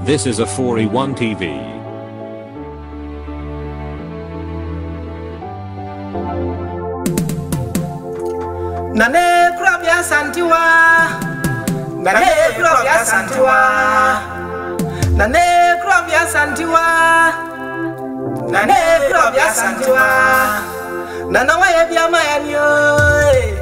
This is a 4E1 TV. Nane Krabya Santiwa Nane Krabya Santua, Nane Krabya Santiwa Nane Krabya Santiwa Nana waye bia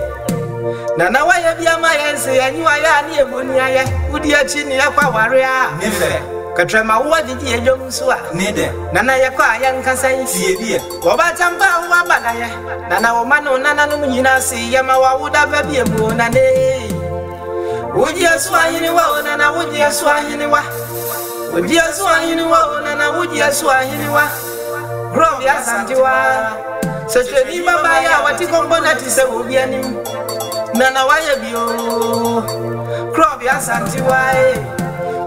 na na wayɛ biama yɛ nsɛ yɛnyi wayɛ a ne yɛ boni ayɛ wodi akyi ne yɛkɔ aware a ne fɛ kɛtwɛma wowa gyegye yɛ dwom nso a na na nana yɛkɔ a yɛnkasa yi fie biɛ wɔbakyɛ mpa a wowa ba na yɛ nana wɔma ne wo nananom nyina se yɛma wawoda ba bia mu o nane wogyeɛ so ahenewa o nana wogyeɛ so ahenewa wogyeɛ so ahenewa o nana wogyeɛ so ahenewa borɔ biasantewa sɛtwɛni babaeɛ a wɔte kɔmpɔ na te sɛ wɔ bi anim nana wayɛ bio kurɔbi asante wae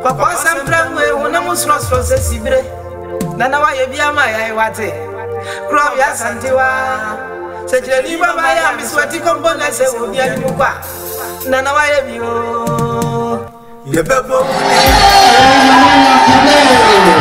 kɔkɔ sɛmpra mue wo ne mo sorɔsorɔ sɛ sibire nana wayɛ bia ma yɛe wate kurɔbi Se waa ni baba ya mesewati kɔmpɔ na se obiani mu kɔ a nana wayɛ bio yɛbɛbɔ mu ne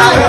아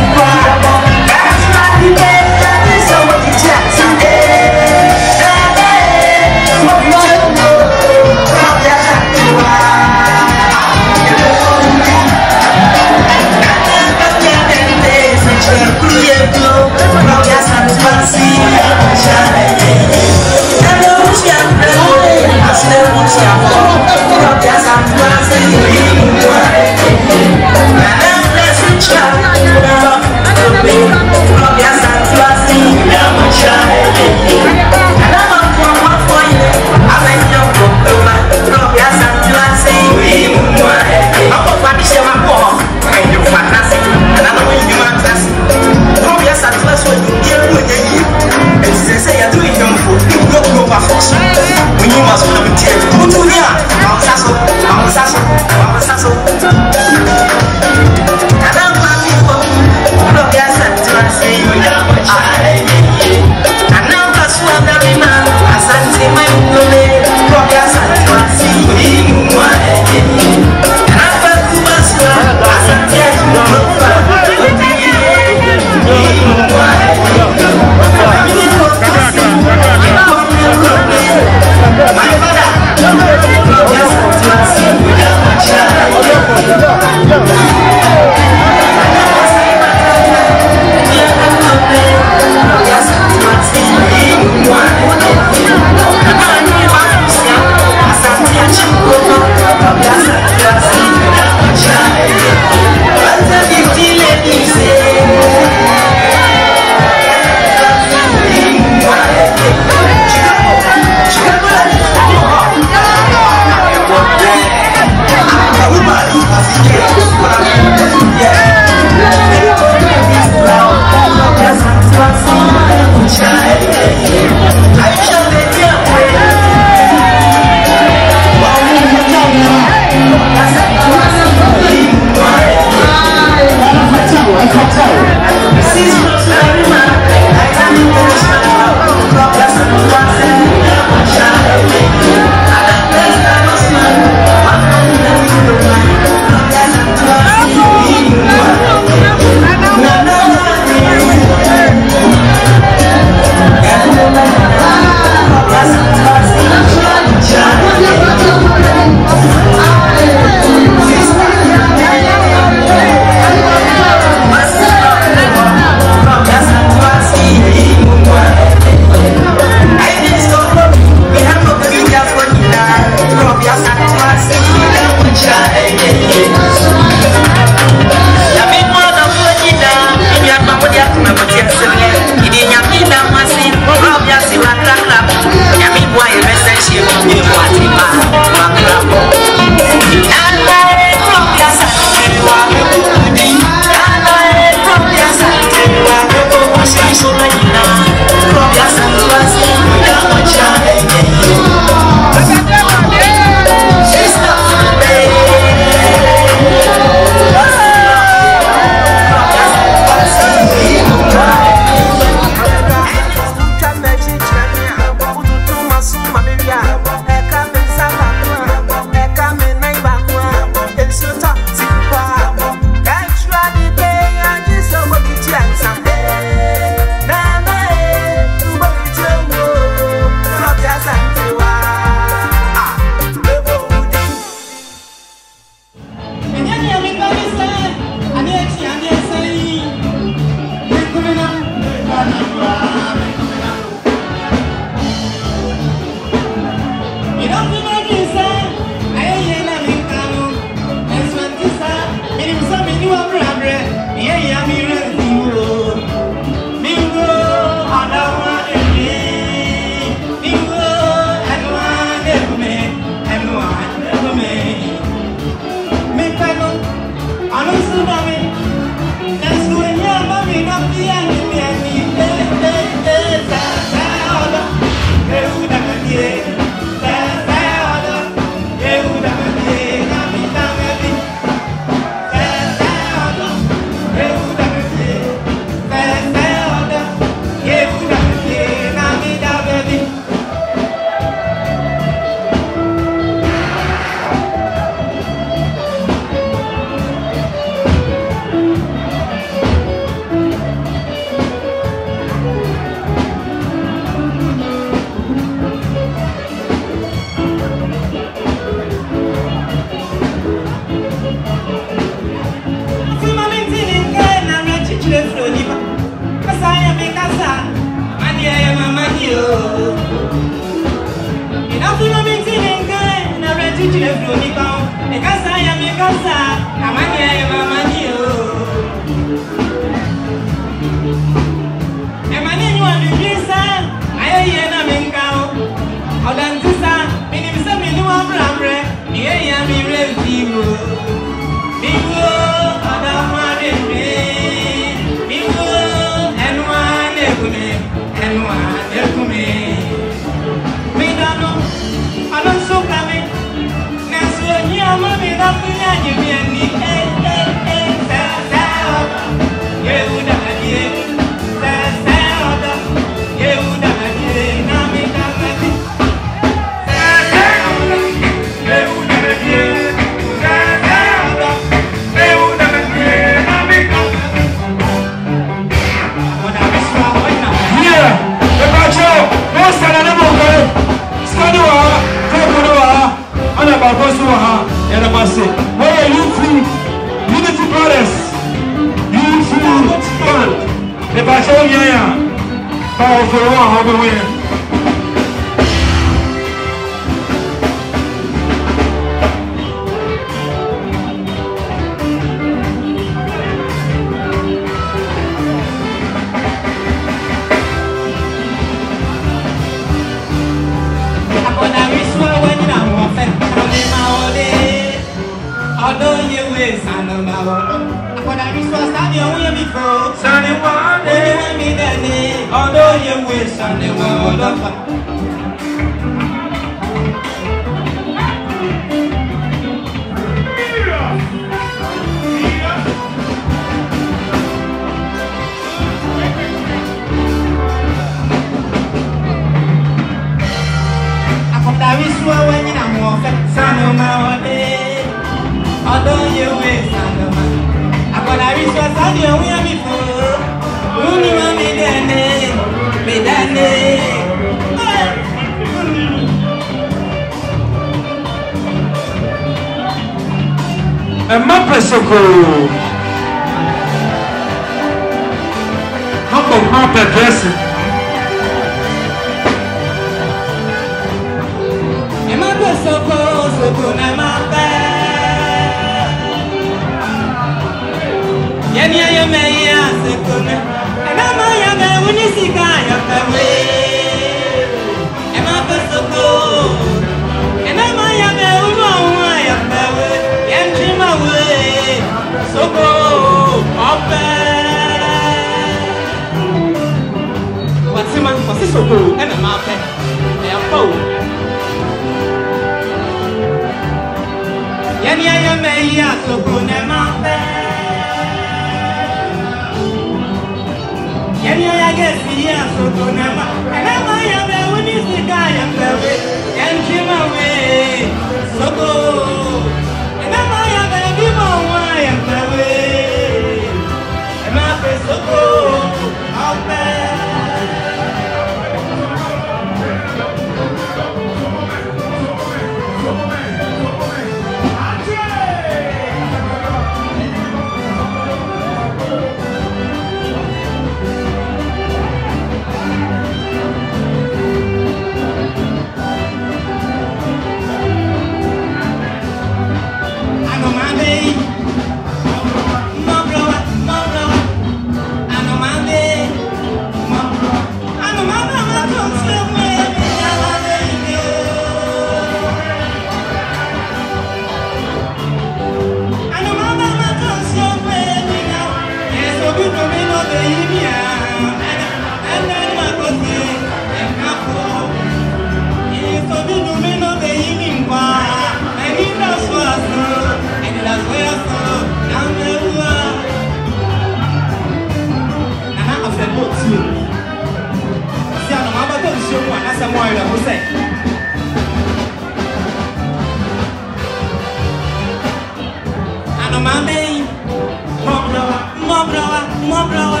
moblowa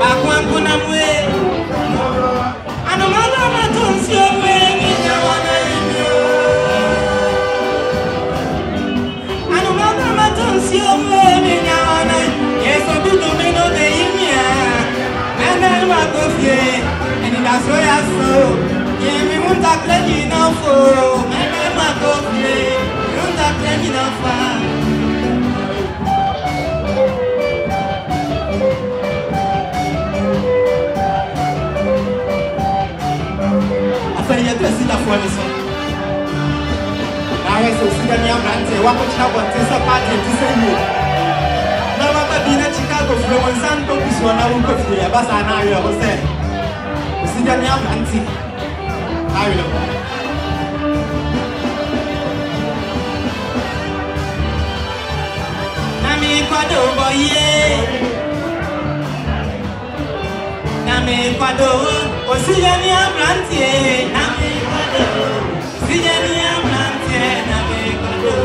bakwangu namwe anomala amatonsi obwengi nyawana ibyo anomala amatonsi obwengi nyawana yeso bidomino yemi bɛsi nafoɔ ne so na ayɛ sɛ ɔsida ne aberanteɛ woakɔkyena bɔnte sɛ paate nti sɛ wuo na waba bi na chicago furo mu nsa ntɔku soɔ na wonkɔfiri ɛba saa na awerɛ ho sɛ ɔsida ne aberante Nami kwado boye Nami kwado Osinya ni abrantie na me kwado. Osinya ni abrantie na me kwado.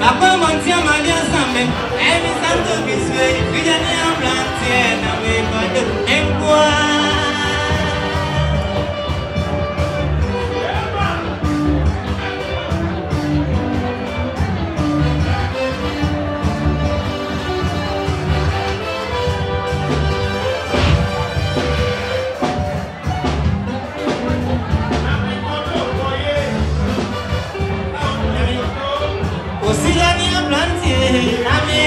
Bàbá mo ti ama ni asan me. Emi santo biswe. Osinya ni abrantie na me kwado. Enkwa.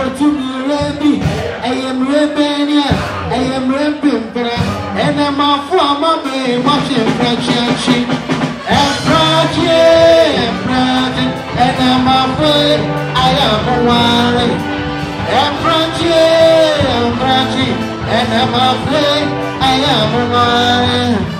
People to me rampy. I am ramping, yeah. I am ramping, but and I'm a former man watching French and shit. And project, and project, and I'm afraid I am worried. And project, and project, and I'm afraid I am worried.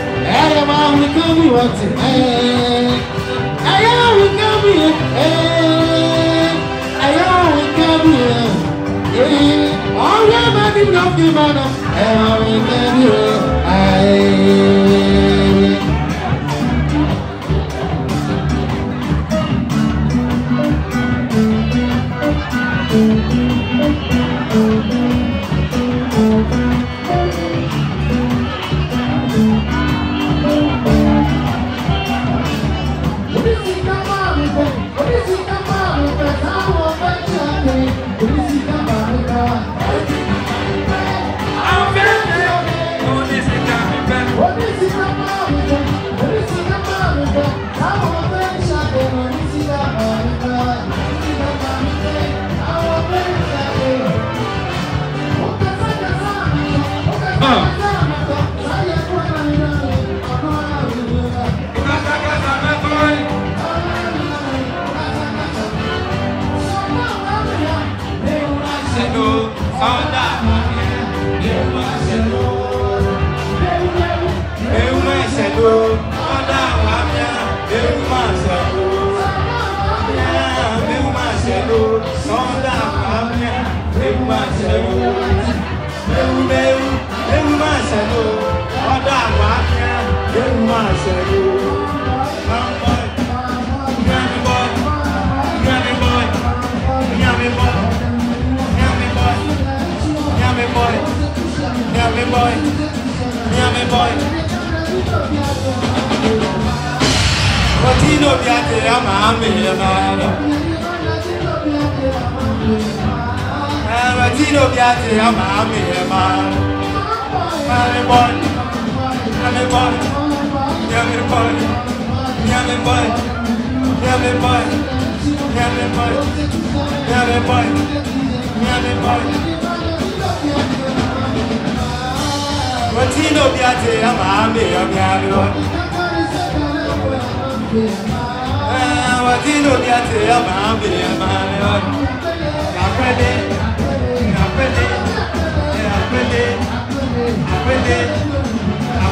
ẹ̀yà máa ń kọ́ mi wọ́n ti pẹ́. ẹ̀yà ń kọ́ mi ẹ̀ ẹ̀yà ń kọ́ mi ẹ̀ ọ̀rẹ́ mẹ́rin ló fi mọ̀nà ẹ̀yà ń kọ́ mi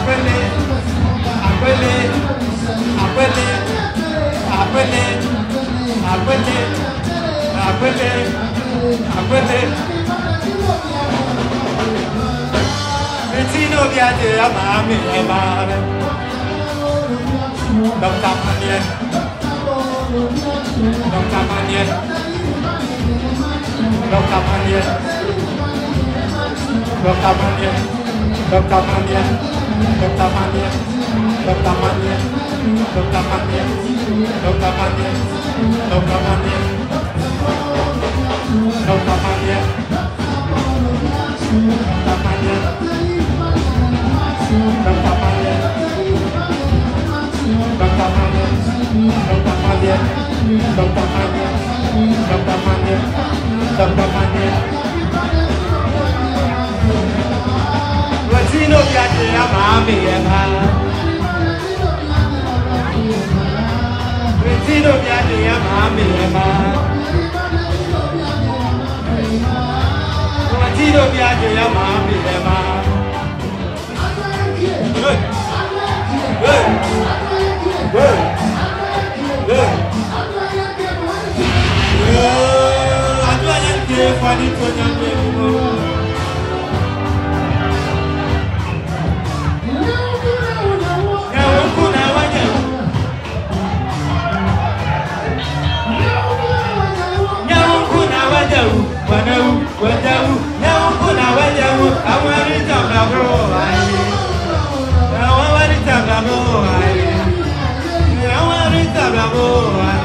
àpẹẹlẹ àpẹẹlẹ àpẹẹlẹ àpẹẹlẹ àpẹẹlẹ àpẹẹlẹ àpẹẹlẹ. Betino viate a mami e mare. Dr. Panier. Dr. Panier. Dr. Panier. Dr. Panier. Dr. Panier. pertamanya pertamanya pertamanya pertamanya pertamanya pertamanya pertamanya pertamanya pertamanya pertamanya pertamanya pertamanya pertamanya ya maami yɛ pa. Nti no bia de ya maami yɛ pa. Nti no bia de ya maami yɛ pa. Adu ayé ké fani tó nyamé mú. àwọn ẹni tàbí ló wà yìí àwọn you. tàbí ló wà yìí àwọn ẹni tàbí ló wà yìí.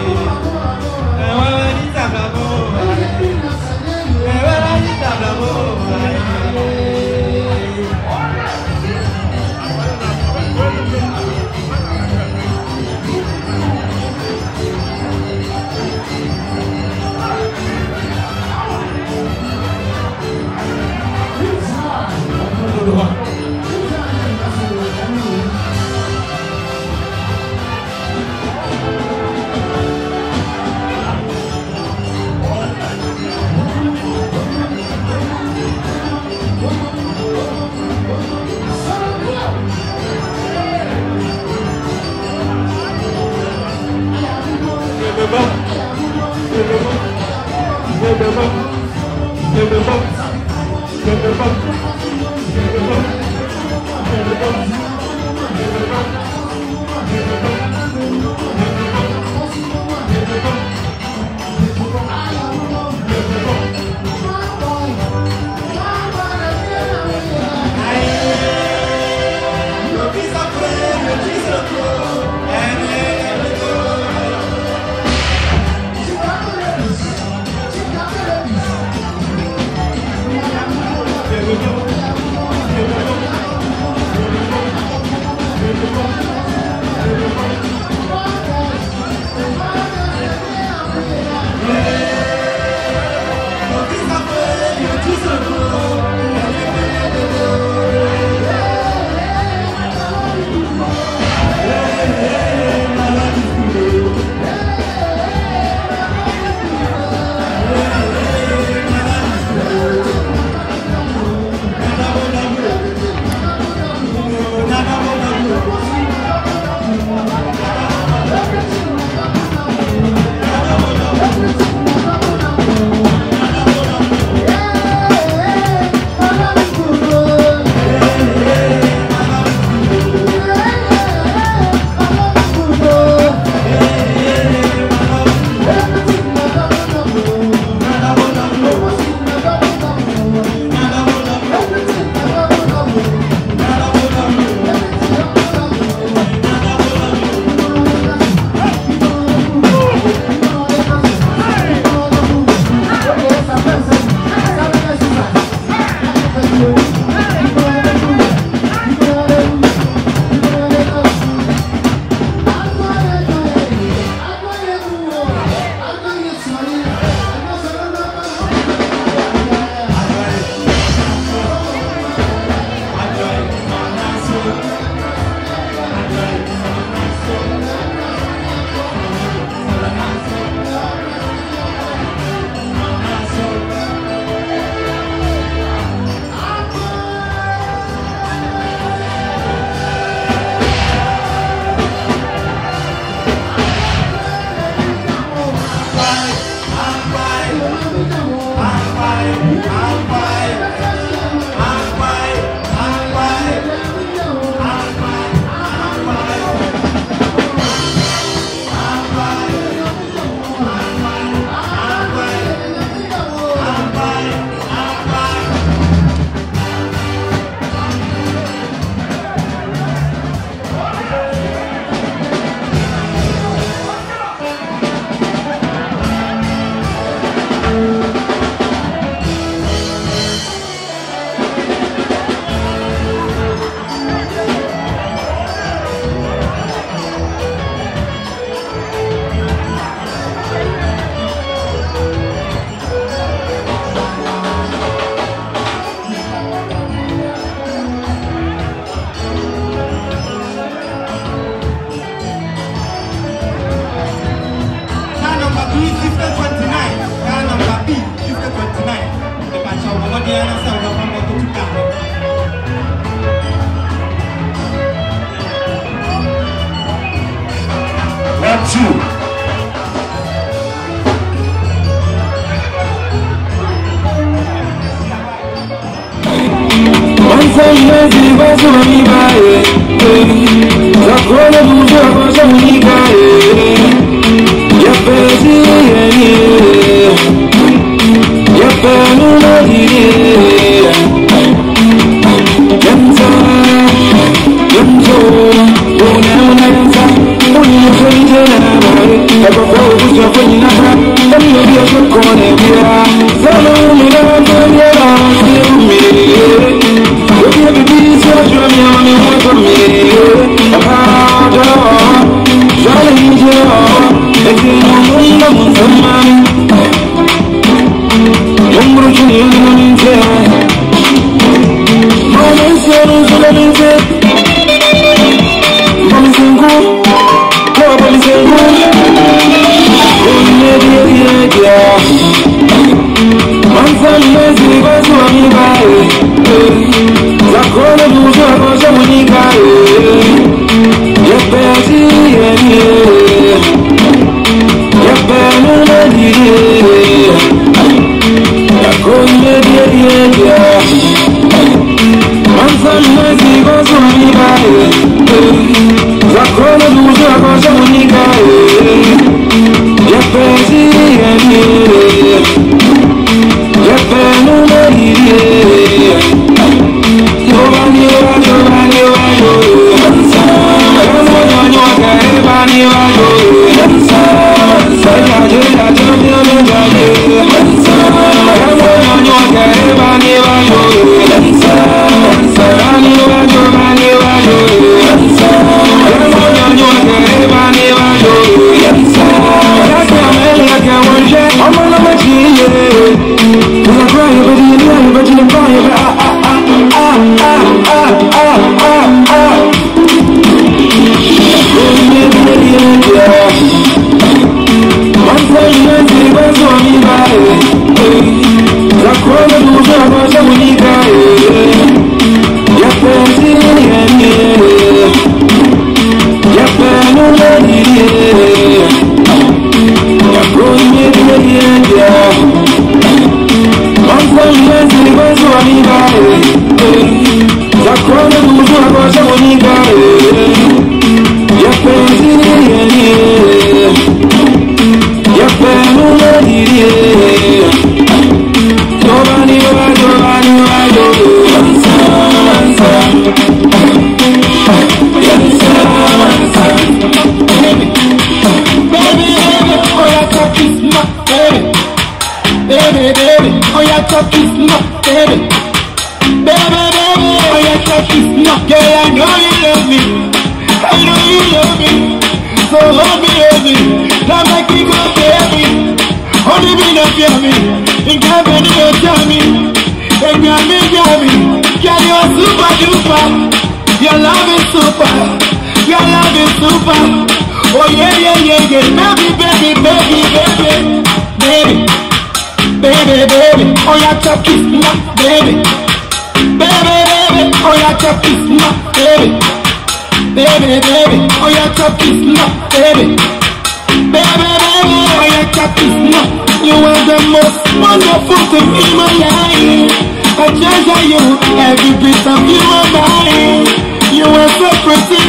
to feel my life. I treasure you, every piece of you my body. You are so pretty,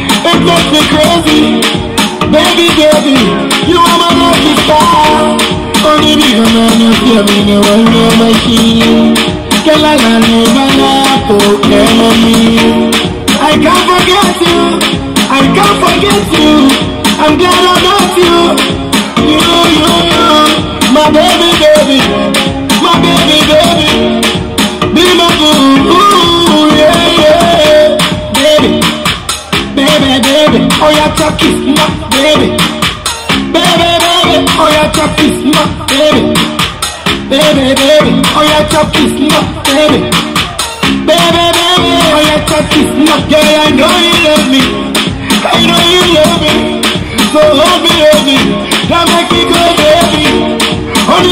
it makes me crazy. Baby, baby, you are my lucky star. Only be a man of your meaning, one of my king. Girl, I love I can't forget you, I can't forget you. I'm glad I met you. my baby, baby, my baby, baby, be my boo, ooh, yeah, yeah, baby, baby, baby, oh yeah, talk is my baby, baby, baby, oh yeah, talk is my baby, baby, baby, oh yeah, talk is my baby, baby, baby, oh yeah, talk is my girl, I know you love me, I know you love me, so hold me, hold me, now make me go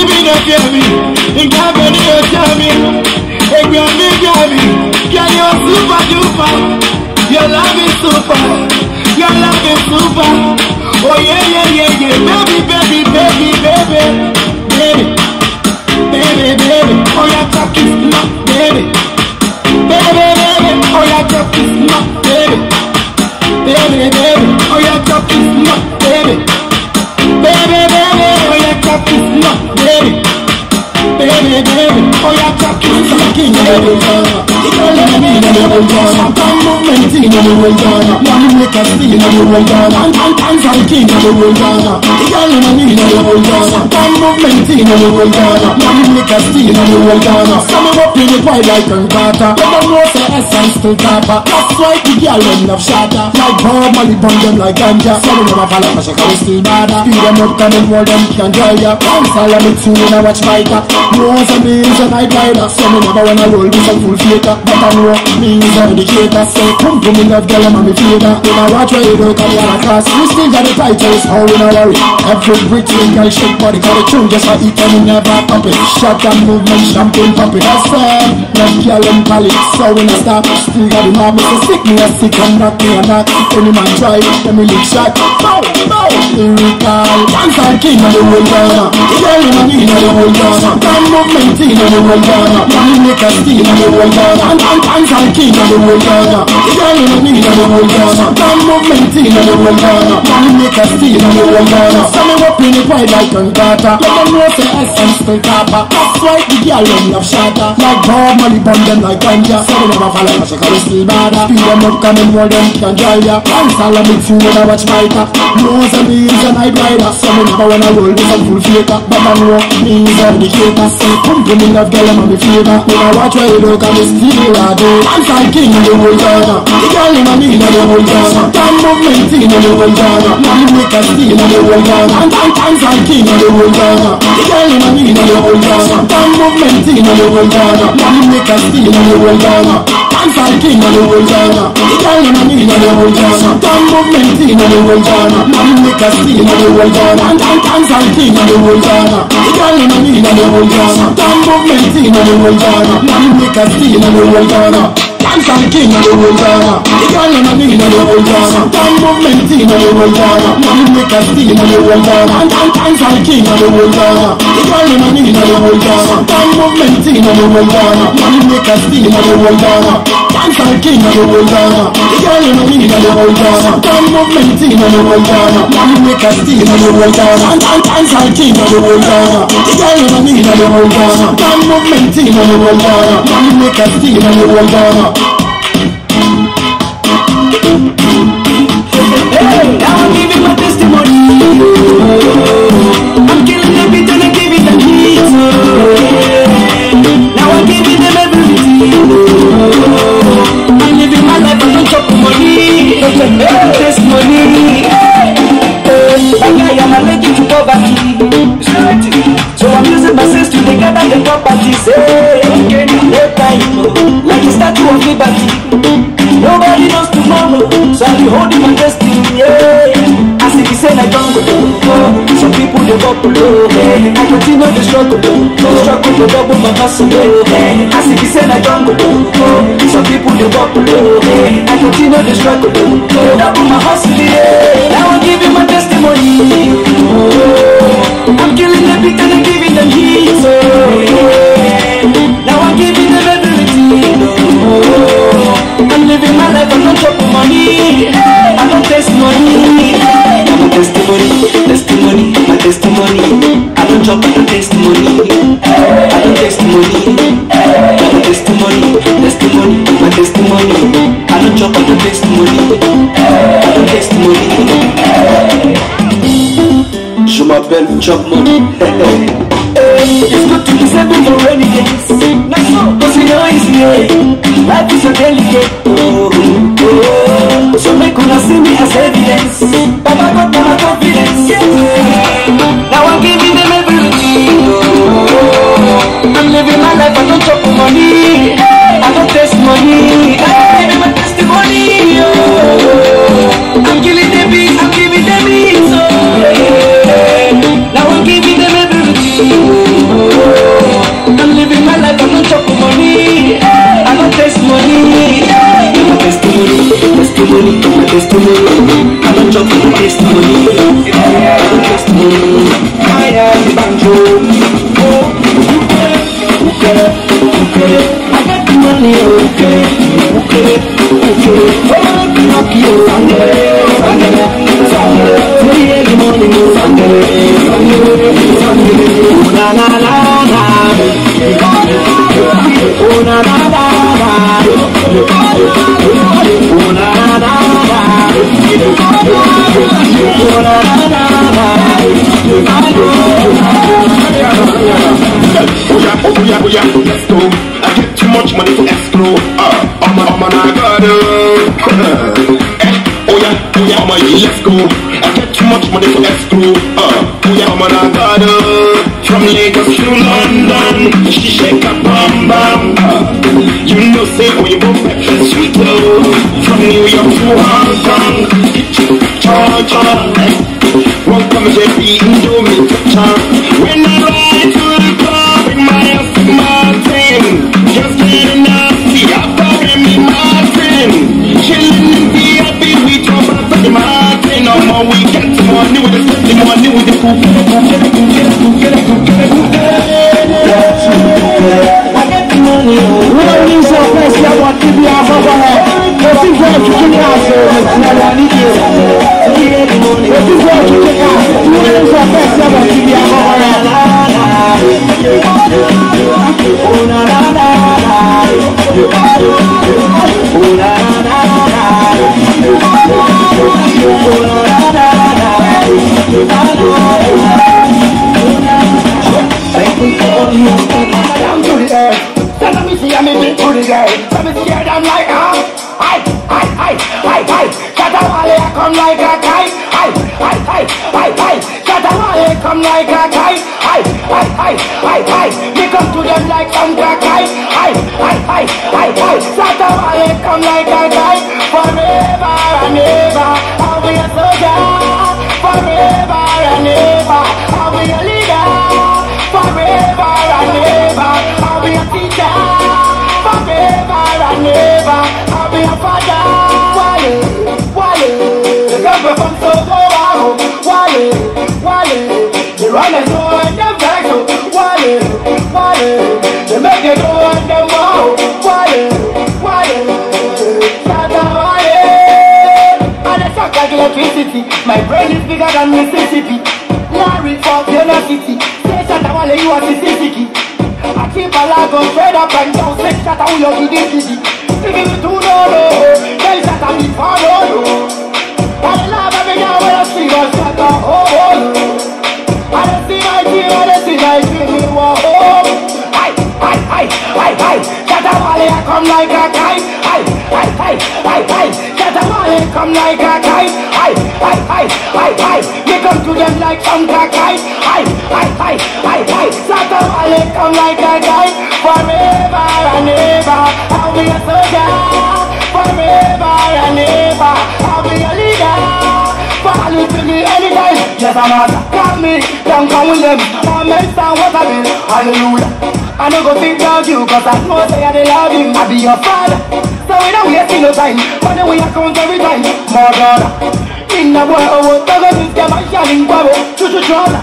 you super duper your love is super your love is super oh yeah yeah yeah yeah baby baby baby baby baby baby baby oh yeah talk is not baby baby baby oh yeah talk baby baby baby oh is not. Money make us see, you know, you're a Ghana. I'm from King, you know, you're a Y'all in a me in the whole Ghana One movement in the whole Ghana One liquor steal in the whole Ghana Some of up in the pie like a carter But I know say essence still copper That's why the girl end up shatter Like Bob Marley burn them like ganja So we never fall off a shaker we still bother Speed them up come and hold them can dry ya Bounce all of me tune in a watch fighter Knows a me is a night rider So me never wanna roll with some full faker But I know me is a educator So come to me love girl I'm a me fader In a watch where you don't come here across We still got the titles how we not worry Every feel British girl shake body Got a tune just I eat and never pop it Shot and movement, champagne pop it That's fine, not girl and pally So when I stop, still got the mom So stick me, a stick and knock me a knock Any man try, let me look shot Bow, bow, lyrical Dance and king of the whole Ghana Girl in the of the whole Ghana Damn movement in of the whole Ghana Money make a steal of the whole Ghana Dance and king of the whole Ghana Girl in the of the whole Ghana Damn movement in of the whole Ghana Money make a steal of the whole Ghana Yes, so me up in it wide like an garter Let them know say essence still copper That's why the girl them love shatter Like Bob Marley bomb them like ganja So they never fall like a shaker, we still bother Speed them up, coming in, hold them, can dry ya Once all of me food, I watch my top Nose and ears and eye glider So me never wanna roll with some full faker But I know me is a dedicator Say, come give me love girl, I'm on the flavor When I watch where you look, I'm still a day Once I king, you will gather The girl in my knee, you will gather Damn movement, you will gather Now you make a steal, you will gather down Times like in the whole Ghana The girl in money in the whole Ghana Time movement in the whole Ghana Money maker still in the whole Ghana Times like in the whole Ghana The girl in money in the whole Ghana Time movement in the whole Ghana Money maker still in the whole Ghana Times like in the whole Ghana The girl in money in the whole Ghana Time movement in the whole Ghana Money maker still in the whole Ghana king, kankanki ìnáwó jama ìgbàlànàmí ìnáwó jama time movement ìnáwó jama money makers ìnáwó jama kankanki ìnáwó jama ìgbàlànàmí ìnáwó jama time movement ìnáwó jama money makers ìnáwó king, kankanki ìnáwó jama. Crying in the Royana Down moment in the Royana One make a steam in the Royana Dance I team in the Royana Crying in the Royana Down moment in the Royana One make a steam in the Royana Hey, I'll give you my testimony the properties, hey, hey, time, like a statue of liberty. Nobody knows tomorrow, so I'll be holding my destiny, yeah. As if it's in a jungle, oh, some people they walk below, I continue to struggle, oh, struggle to double my muscle, hey. Oh, As if it's in a jungle, oh, some people they walk below, I continue to struggle, oh, double my hustle, yeah. Now give you my testimony, oh, I'm killing the beat and I'm giving them heat, so up with testimony. I do testimony. I do testimony. Testimony, my testimony. I don't chop on testimony. I do testimony. Je m'appelle Chop Money. It's good to be seven for any days. Nice one, cause we know it's here. Life is a delicate. Oh, oh. oh. So make una see me as evidence. Baba testimony. I got testimony. Hey, I'm a testimony. Oh. I'm killing the beat. I'm giving them it. So now I'm giving them everything. Oh. I'm living my life. on am not money. I got testimony. Hey. I'm a testimony. Testimony. I'm testimony. I'm not talking testimony. ni òkè òkè òkè òkè òkè sangere sangere sangere lórí èyí mọ́ ni mo sangere sangere sangere onanalana onanalana onanalana onanalana. Oya oya oya, tó much money to explore. Uh, I'm a, I'm a, I got uh. eh, oh yeah, oh yeah, my let's go. I get too much money for escrow. Uh, oh yeah, I'm a, i am on a got From Lagos to London, she shake a bum bum. Uh, you know, say when oh, you go back to sweet though. From New York to Hong Kong, cha cha. won't come and say, me Indomie, cha. you with the boom, boom, boom, get it, boom, get it, boom, get it, boom, get No boom, wọ́n ní sọ fẹ́ sí ọmọ níbi afọ́fọ́ rẹ̀ etí fún ọ̀tútù ní àṣẹ ìrẹ̀wà nídìí rẹ̀ etí fún ọ̀tútù ní àṣẹ tí wọ́n ní sọ fẹ́ sí ọmọ níbi afọ́fọ́ rẹ̀. Oh, na na na na. come like a kite. Hi, hi, hi, hi, hi. Catamale come like a come to them like some kite. electricity. My brain is bigger than Mississippi. Married for university. Say that I want you a Mississippi. I keep a lag on straight up and down. Say that I will you this city. If you no no, say that I will follow you. I love every now when I see what's at the I don't see my I don't see my oh, oh. team, you are home. hi hi hi aye, aye. That I come like a guy. Hi hi hi come like a kite. Hi, hi, hi, hi, hi. Me come to them like some kite. Hi, hi, hi, hi, hi. Satam Ali come like a kite. Forever and ever, I'll be a soldier. Forever and ever, I'll be a leader. Follow to me anytime. Yes, I'm out. Got me, don't come with them. I'm messed up, what I mean. Hallelujah. I don't go think of you, cause I know say I love you. I be your father. So we don't waste no time Money we count every time More dollar In the world I boy owo Togo since the man shining Babo Chuchu chola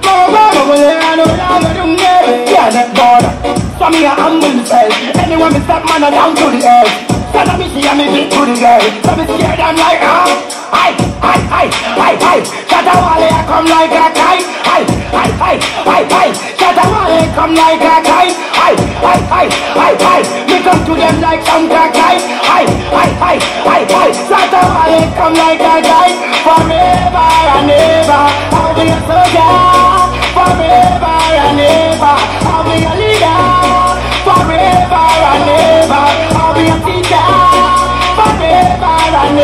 Babo babo Babo le ano Lama dunge Yeah, that border so me I'm self Anyone me stop man I am down to the earth So now me see I'm big to the girl So me scared I'm like ah Hi, hi, hi, hi, hi Shut up Wally I come like a kite Hi, hi, hi, hi, hi Shut up Wally come like a kite Hi, hi, hi, hi, hi Me come to them like some kite Hi, hi, hi, hi, hi Shut up Wally come like a kite Forever and ever I'll be a soldier Forever and ever I'll be a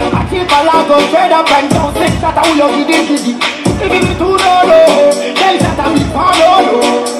I keep my lot for trade up and down, six that I will give to you. Give it to no, no, that I will follow, no.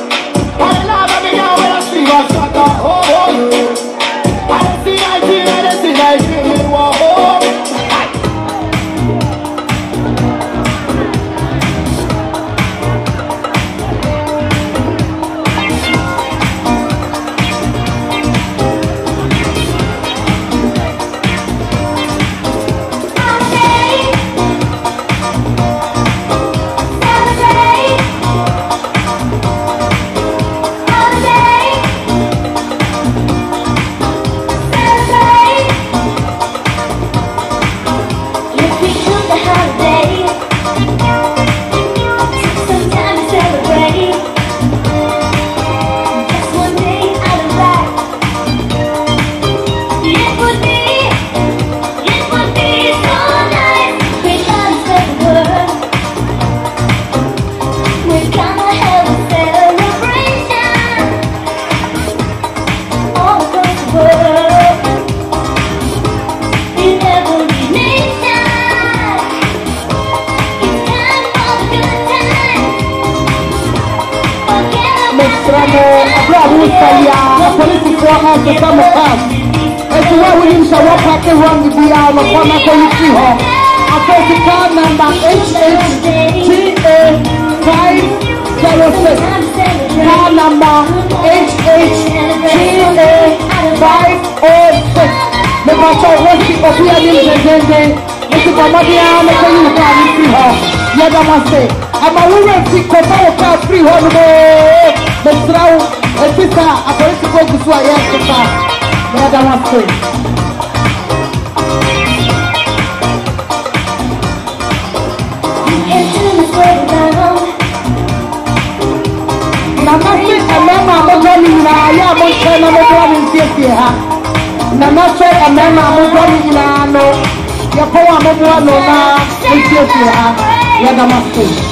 wrong with the out of one for you see her. I go the card number HHTA 506. Card number HHTA 506. The master was the Opia Nilzende. Mr. Mamadi, I'm a you can see her. Yadamase. I'm a woman, see Kota, free holiday. The Strau, a sister, a political, this way, yes, sister. Yadamase. nkyɛn na mo dɔn mi nsiesie ha na n'asɔ mmarima a mo dɔn mi nyinaa no yɛkɔ a mo dɔn no na nsiesie ha yɛda ma so.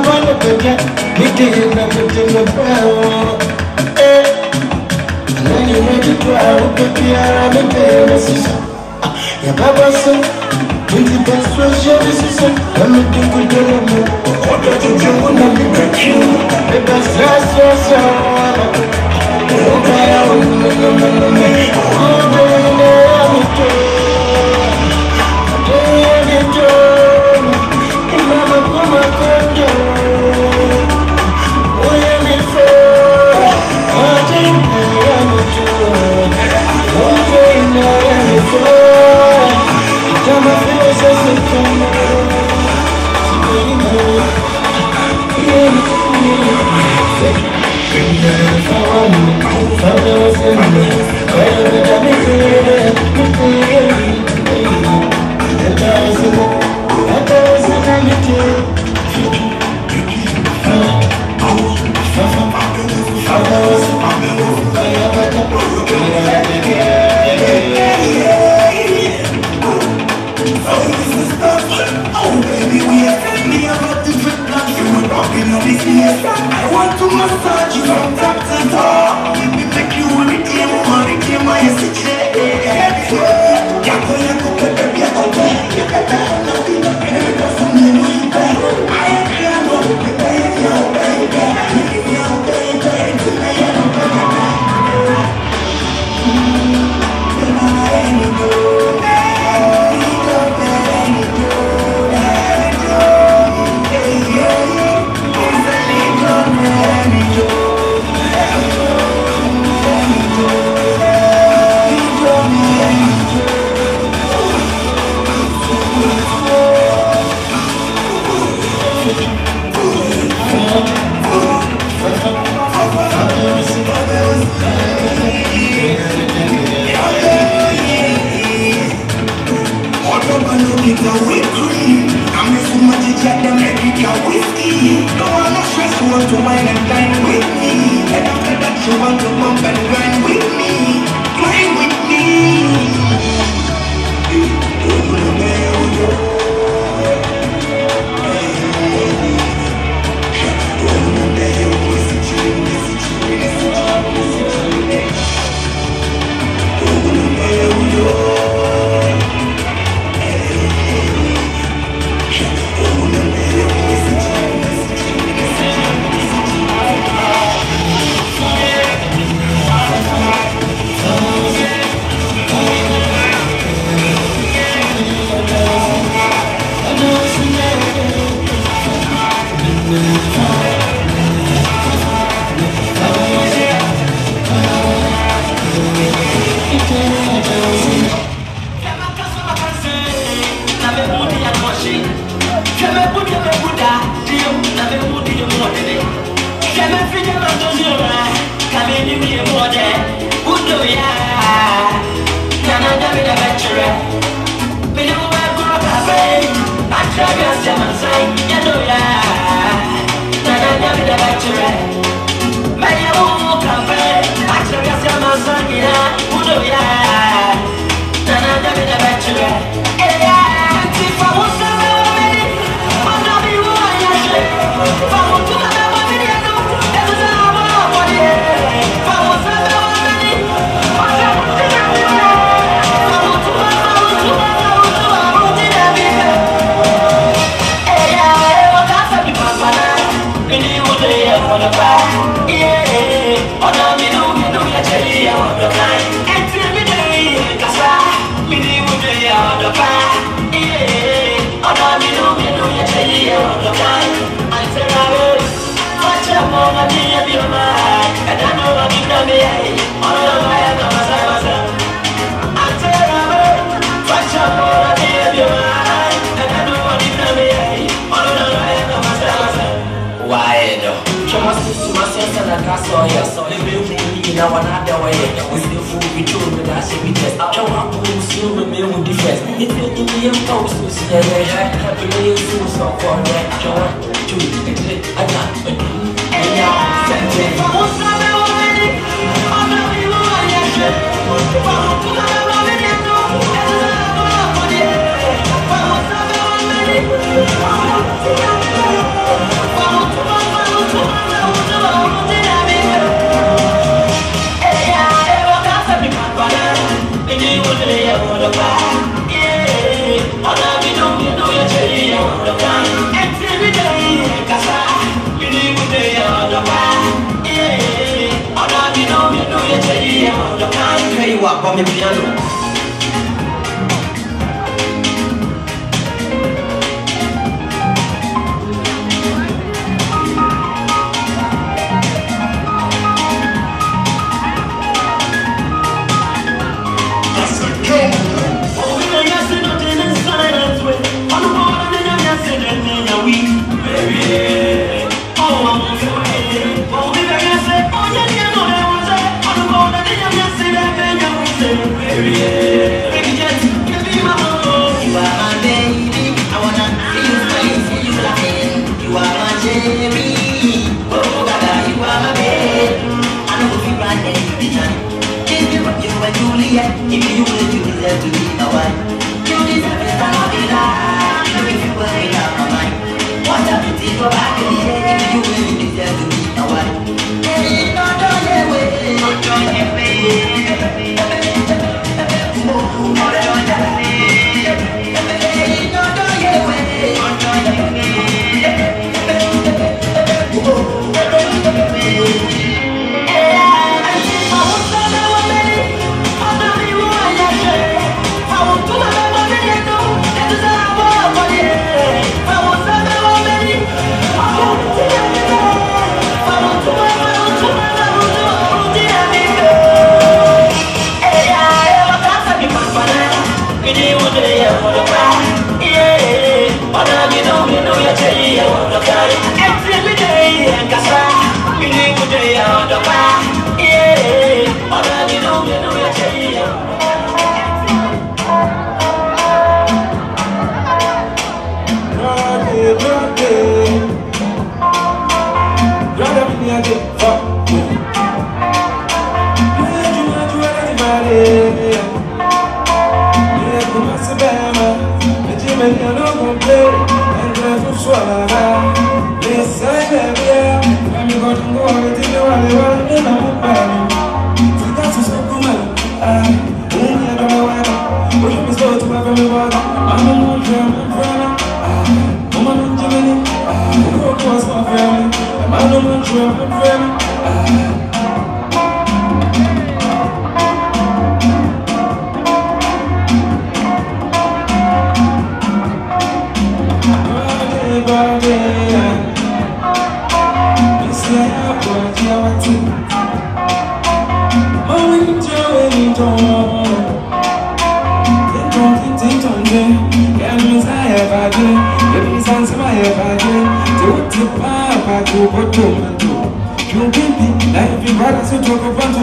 bá lò pé jẹ́ nídìí ìgbà Found us in the way of the monster 我偏走。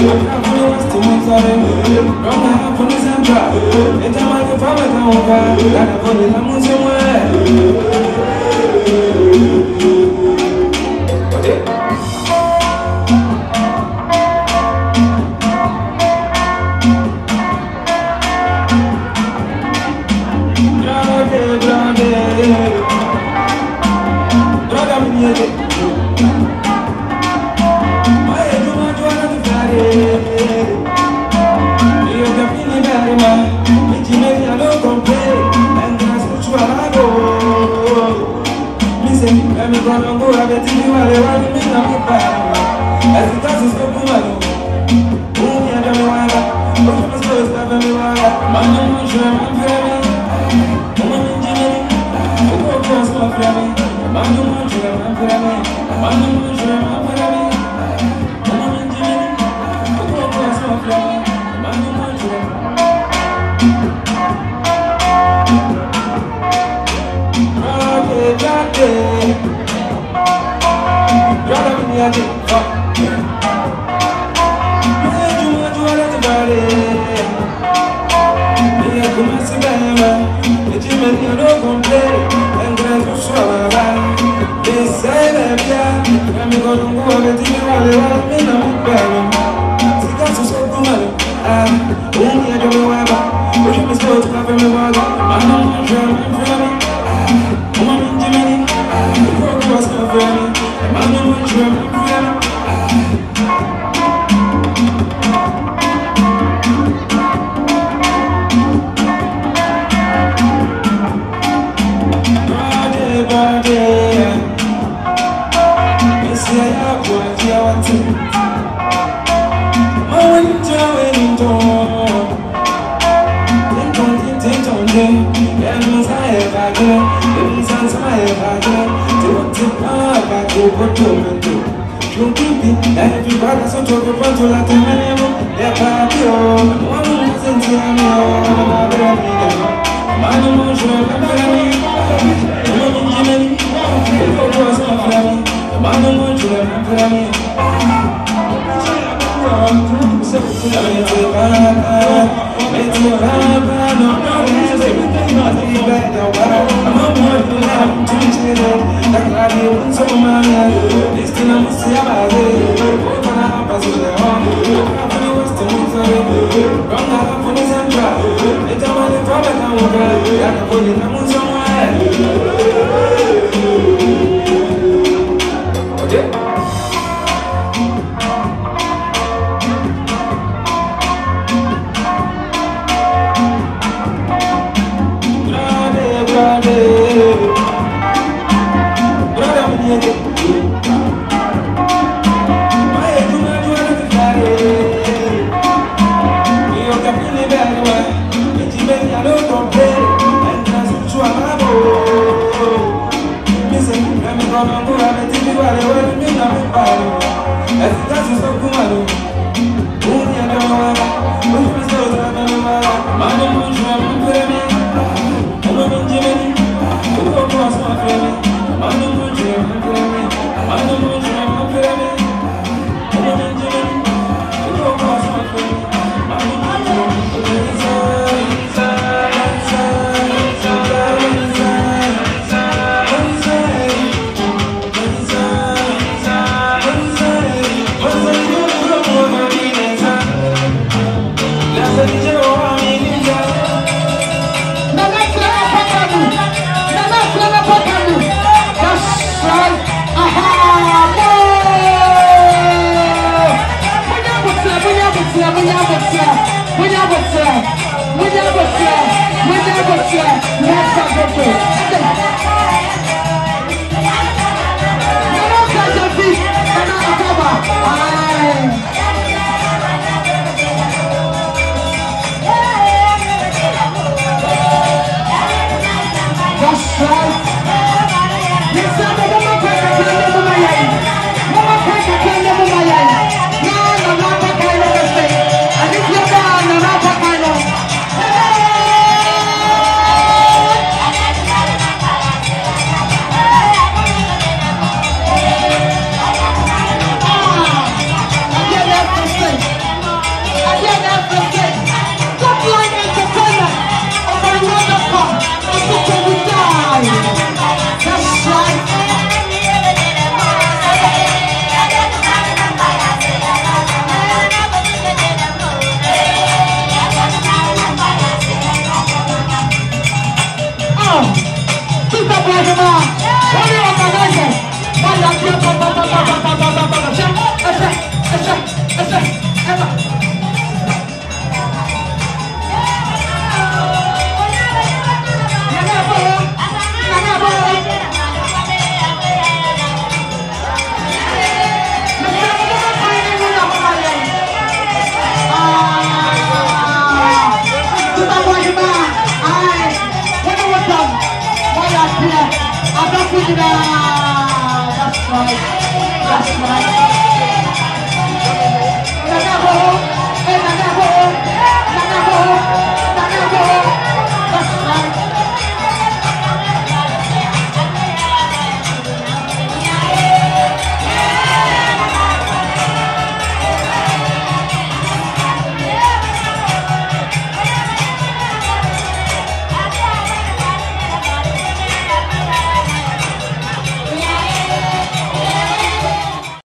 I'm I'm I'm Thank you. valeu. could, yeah, I'm sorry if I could, if I'm sorry if I could, do what you want, I do what you want to. Don't keep it, and if you got us, I'll talk about you like a man, yeah, but you, one listen to me, I'm not gonna be down. My name is Joe, I'm not gonna be I'm It's what I'm about, no, no, that's everything must be back now, wow I'm a boy for life, I'm teaching it going to that hard I'm I'm from the south From the hop, from the central It's a money problem, I'm a guy I can put it, I'm on We never said. We never said. We never said.